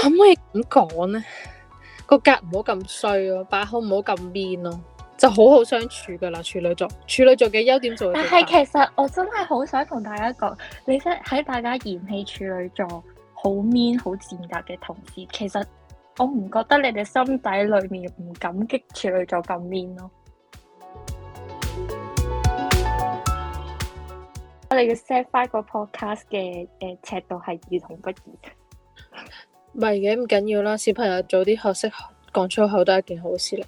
可唔可以咁講咧？個格唔好咁衰咯，把口唔好咁 mean 咯，就好好相處噶啦。處女座，處女座嘅優點就係。但係其實我真係好想同大家講，你喺喺大家嫌棄處女座好 mean、好賤格嘅同時，其實我唔覺得你哋心底裏面唔感激處女座咁 mean 咯。我哋要 set 翻個 podcast 嘅尺度係兒童不宜。唔係嘅，唔緊要啦。小朋友早啲學識講粗口都係一件好事嚟。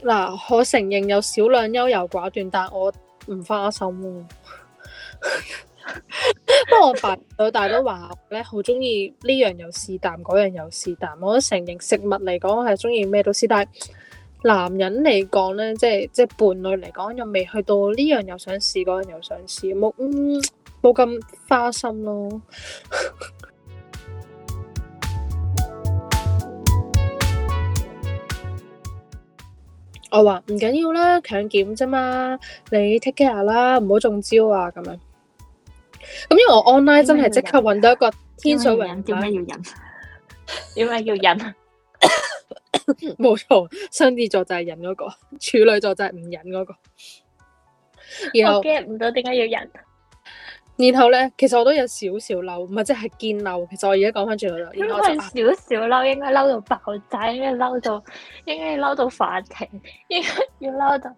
誒，嗱、 欸，我承認有少量優柔寡斷，但我唔花心。不過我爸，我大都話咧，好中意呢樣又試啖，嗰樣又試啖，我都承認食物嚟講，我係中意咩都試，但係。男人嚟講咧，即係即係伴侶嚟講，又未去到呢樣又想試，嗰樣又想試，冇冇咁花心咯。 我話唔緊要啦，強檢啫嘛，你 take care 啦，唔好中招啊，咁樣。咁因為我 online 真係即刻揾到一個天水圍人，點解要忍？點解要忍？ 冇錯，雙子 座就係忍嗰個，處女座就係唔忍嗰個。然後 get 唔到點解要忍？然後咧，其實我都有少少嬲，唔係即係見嬲。其實我而家講翻轉佢啦。應該少少嬲，應該嬲到爆炸，應該嬲到，應該嬲到反艇，應該要嬲到，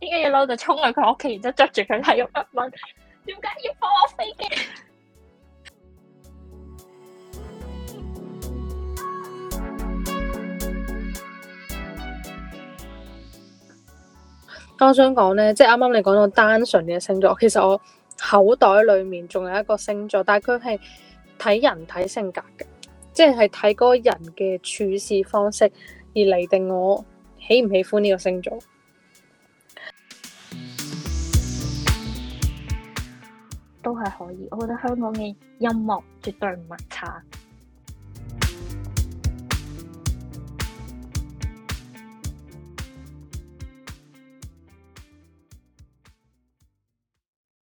應該要嬲到衝去佢屋企，然之後捉住佢系度一問。點解要幫我飛？我想講咧，即係啱啱你講到單純嘅星座，其實我口袋裏面仲有一個星座，但係佢係睇人體性格嘅，即係睇嗰個人嘅處事方式而嚟定我喜唔喜歡呢個星座，都係可以。我覺得香港嘅音樂絕對唔係差。